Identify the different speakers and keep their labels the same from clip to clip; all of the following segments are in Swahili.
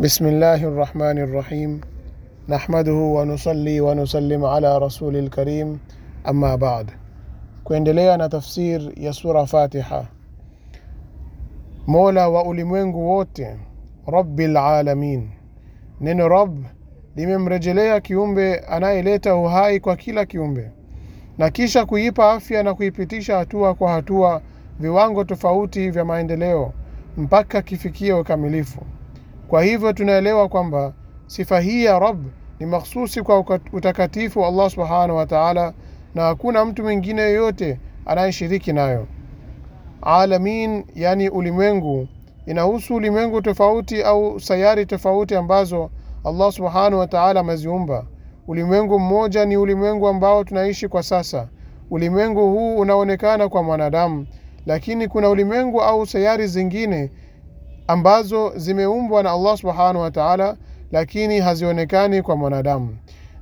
Speaker 1: بسم الله الرحمن الرحيم نحمده ونصلي ونسلم على رسول الكريم أما بعد kuendelea na tafsir ya sura Fatiha. Mola wa ulimwengu wote, rabbil alamin. Neno rabb limemrejelea kiumbe anayeleta uhai kwa kila kiumbe na kisha kuipa afya na kuipitisha hatua kwa hatua viwango tofauti vya maendeleo mpaka kifikie ukamilifu. Kwa hivyo tunaelewa kwamba sifa hii ya Rabb ni mahsusi kwa utakatifu wa Allah subhanahu wa ta'ala, na hakuna mtu mwingine yoyote anayeshiriki nayo. Alamin, yani ulimwengu, inahusu ulimwengu tofauti au sayari tofauti ambazo Allah subhanahu wa ta'ala ameziumba. Ulimwengu mmoja ni ulimwengu ambao tunaishi kwa sasa. Ulimwengu huu unaonekana kwa mwanadamu, lakini kuna ulimwengu au sayari zingine ambazo zimeumbwa na Allah subhanahu wa ta'ala, lakini hazionekani kwa mwanadamu.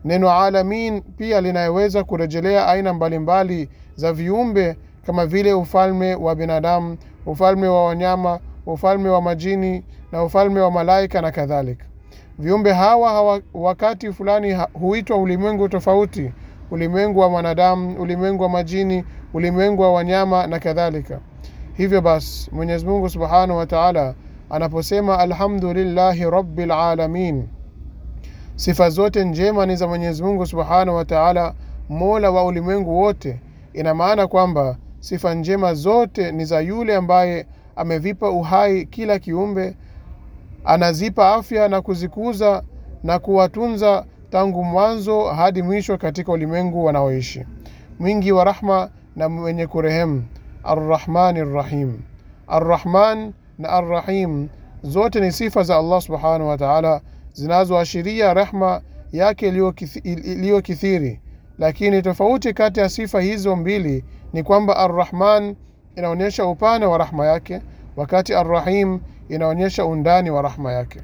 Speaker 1: Neno alamin pia linaweza kurejelea aina mbalimbali mbali za viumbe kama vile ufalme wa binadamu, ufalme wa wanyama, ufalme wa majini na ufalme wa malaika na kadhalika. Viumbe hawa, hawa wakati fulani huitwa ulimwengu tofauti, ulimwengu wa mwanadamu, ulimwengu wa majini, ulimwengu wa wanyama na kadhalika. Hivyo basi Mwenyezi Mungu Subhanahu wa Ta'ala anaposema alhamdulillahi rabbil alamin. Sifa zote njema ni za Mwenyezi Mungu subhanahu wa taala, mola wa ulimwengu wote. Ina maana kwamba sifa njema zote ni za yule ambaye amevipa uhai kila kiumbe, anazipa afya na kuzikuza na kuwatunza tangu mwanzo hadi mwisho katika ulimwengu wanaoishi, mwingi wa rahma na mwenye kurehemu. Arrahmani rrahim. Arrahman na Arrahim zote ni sifa za Allah subhanahu wa taala zinazoashiria rehma yake iliyokithiri. Lakini tofauti kati ya sifa hizo mbili ni kwamba Arrahman inaonyesha upana wa rahma yake, wakati Arrahim inaonyesha undani wa rahma yake.